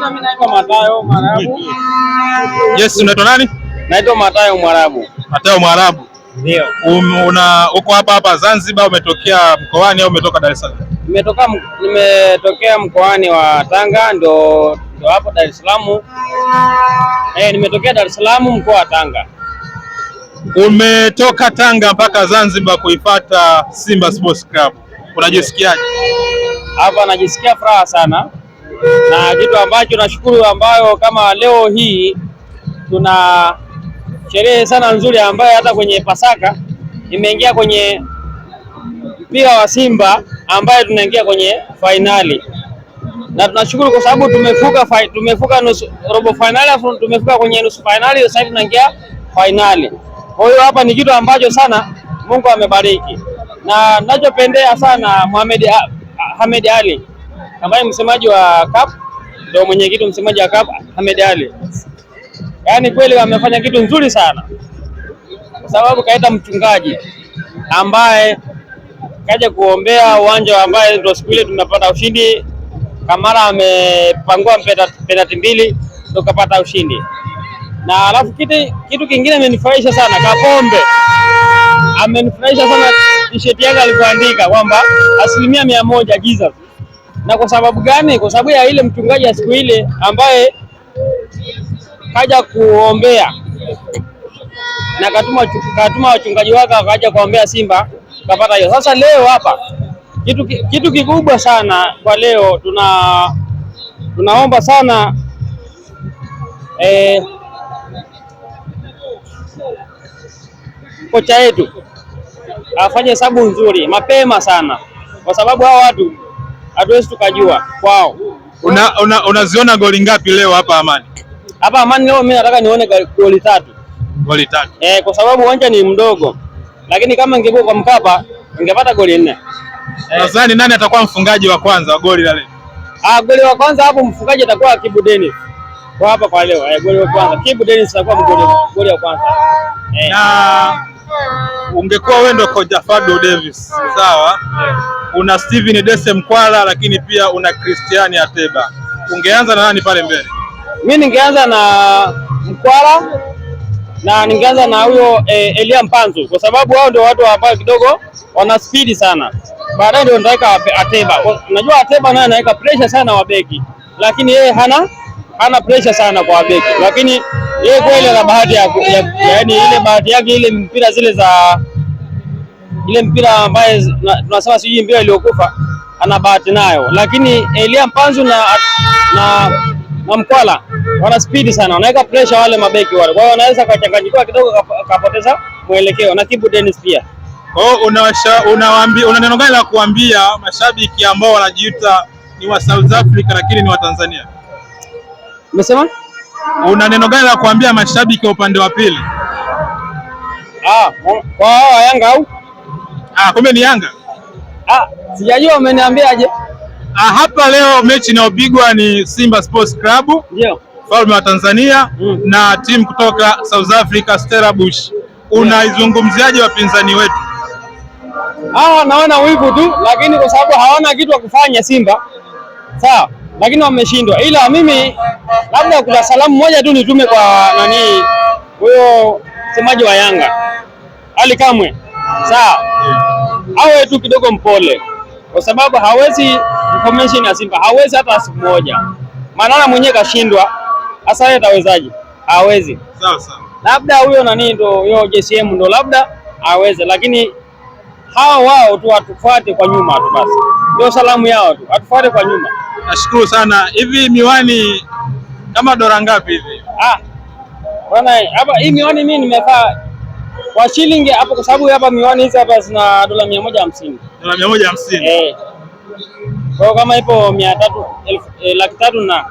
Majina mimi naitwa Matayo Mwarabu. Yes, unaitwa nani? Naitwa Matayo Mwarabu. Matayo Mwarabu. Ndio. Um, una uko hapa hapa Zanzibar umetokea mkoani au umetoka Dar es Salaam? Nimetoka nimetokea mkoani wa Tanga ndio ndio hapo Dar es Salaam. Eh, nimetokea Dar es Salaam mkoa wa Tanga. Umetoka Tanga mpaka Zanzibar kuifata Simba Sports Club. Unajisikiaje? Hapa najisikia furaha sana na kitu ambacho nashukuru ambayo kama leo hii tuna sherehe sana nzuri ambayo hata kwenye Pasaka imeingia kwenye mpira wa Simba ambayo tunaingia kwenye fainali na tunashukuru kwa sababu tumefuka fi, tumefuka nusu, robo fainali tumefuka kwenye nusu fainali, sasa tunaingia fainali. Kwa hiyo hapa ni kitu ambacho sana Mungu amebariki, na ninachopendea sana Mohamed Hamed Ali ambaye msemaji wa CAF ndio mwenyekiti msemaji wa CAF Ahmed Ali. Yaani kweli amefanya kitu nzuri sana, kwa sababu kaeta mchungaji ambaye kaja kuombea uwanja ambaye ndio siku ile tumepata ushindi. Kamara amepangua penati mbili ndio kapata ushindi, na alafu kitu, kitu kingine amenifurahisha sana Kapombe amenifurahisha sana tisheti yake alivyoandika kwamba asilimia mia moja Jesus na kwa sababu gani? Kwa sababu ya ile mchungaji ya siku ile ambaye kaja kuombea na katuma, katuma wachungaji wake wakaja kuombea Simba kapata hiyo. Sasa leo hapa kitu, kitu kikubwa sana kwa leo tuna tunaomba sana eh, kocha yetu afanye hesabu nzuri mapema sana, kwa sababu hawa watu hatuwezi tukajua kwao. Unaziona una, una goli ngapi leo hapa Amani? Hapa Amani leo mimi nataka nione goli tatu. Goli tatu. Eh, kwa sababu uwanja ni mdogo, lakini kama ingekuwa kwa Mkapa ingepata goli nne. Eh. Nadhani nani atakuwa mfungaji wa kwanza wa goli la leo? Ah, goli wa kwanza hapo mfungaji atakuwa Kibu Dennis. Kwa hapa kwa leo, eh, goli wa kwanza Kibu Dennis atakuwa mgoli goli wa kwanza. Eh. Na ungekuwa wewe ndio kocha Fadlu Davis, sawa? Yeah una Steven Dese Mkwala, lakini pia una Christian Ateba. Ungeanza na nani pale mbele? Mimi ningeanza na Mkwala na ningeanza na huyo eh, Elia Mpanzu kwa sababu hao ndio watu ambao kidogo wana spidi sana. Baadaye ndio nitaweka Ateba. Unajua Ateba naye anaweka pressure sana wabeki, lakini yeye hana hana pressure sana kwa wabeki, lakini yeye kweli ana bahati ya, ya, yaani ile bahati yake ile mpira zile za ile mpira ambaye tunasema sijui mpira iliyokufa ana bahati nayo, lakini Elia Mpanzu na, na, na Mkwala wana spidi sana, wanaweka pressure wale mabeki wale, kwa hiyo wanaweza kachanganyikiwa kidogo kapoteza mwelekeo na Kibu Dennis pia. Kwa hiyo una neno gani la kuambia mashabiki ambao wanajiita ni wa South Africa lakini ni wa Tanzania? Umesema? Una neno gani la kuambia mashabiki wa upande wa pili? Ah, kwa Yanga au Ah, kumbe ni Yanga. Ah, sijajua umeniambiaje? Ah, hapa leo mechi inayopigwa ni Simba Sports Club. Ndio. Falme wa Tanzania mm, na timu kutoka South Africa Stellenbosch. Unaizungumziaje wapinzani wetu? Ah, naona wivu tu, lakini kwa sababu hawana kitu wa kufanya Simba, sawa, lakini wameshindwa. Ila mimi labda kuna salamu moja tu nitume kwa nani, huyo msemaji wa Yanga Ali Kamwe, sawa, yeah awe tu kidogo mpole, kwa sababu hawezi information ya Simba, hawezi hata siku moja, maana mwenyewe kashindwa. Hasa yeye atawezaje? Hawezi. Sawa sawa, labda huyo nani ndo yo JCM ndo labda aweze, lakini hawa wao tu hatufuate kwa nyuma tu basi, ndio salamu yao tu, hatufuate kwa nyuma. Nashukuru sana. Hivi miwani kama dora ngapi hivi? Ah bwana, hapa hii miwani mimi nimevaa kwa shilingi hapo, kwa sababu hapa miwani hizi hapa zina dola mia moja hamsini dola mia moja hamsini eh. Kwa hiyo kama ipo mia tatu eh, laki tatu na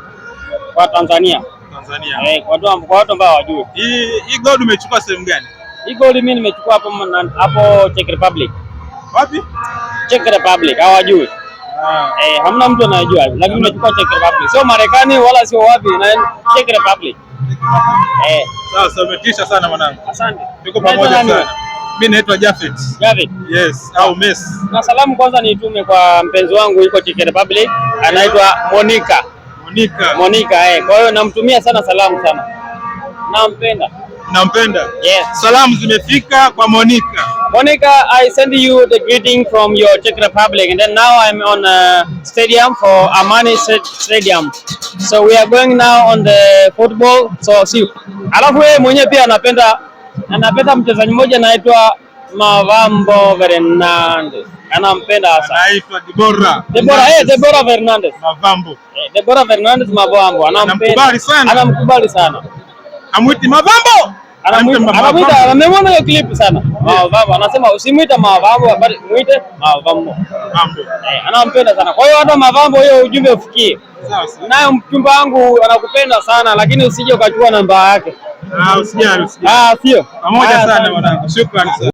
kwa Tanzania Tanzania eh, kwa watu ambao hawajui hii hii gold umechukua sehemu gani? Hii gold mimi nimechukua hapo hapo Czech Republic. Wapi? Czech Republic hawajui. Ah. Eh, hamna mtu anayejua lakini nimechukua Czech Republic. Sio Marekani wala sio wapi na Czech Republic. Eh. Sasa umetisha sana mwanangu. Asante. Tuko pamoja sana. Mimi naitwa Jafet. Jafet. Yes, au Mess. Na salamu kwanza nitume kwa mpenzi wangu yuko Czech Republic, anaitwa Monica. Monica. Monica eh. Kwa hiyo namtumia sana salamu sana. Nampenda. Nampenda. Yes. Salamu zimefika kwa Monica. Monica, I send you the greeting from your Czech Republic and then now I'm on a uh, stadium for Amani Stadium. So we are going now on the football. So see you. Alafu wewe mwenyewe pia anapenda anapenda mchezaji mmoja anaitwa Mavambo Fernandes, anampenda sana. anaitwa Debora Debora, eh, Debora Fernandez. Mavambo, eh, Debora Fernandez Mavambo, anamkubali sana, anamkubali sana, Amuiti Mavambo, Anamuita, amemwona hiyo clip sana Mavambo, anasema usimwite Mavambo, bali mwite Mavambo, eh, anampenda sana. Kwa hiyo hata Mavambo, hiyo ujumbe ufikie. Nayo mchumba wangu anakupenda sana, lakini usije ukachukua namba yake. Ah, usijali usijali. Ah, sio. Pamoja sana mwanangu. Shukrani sana.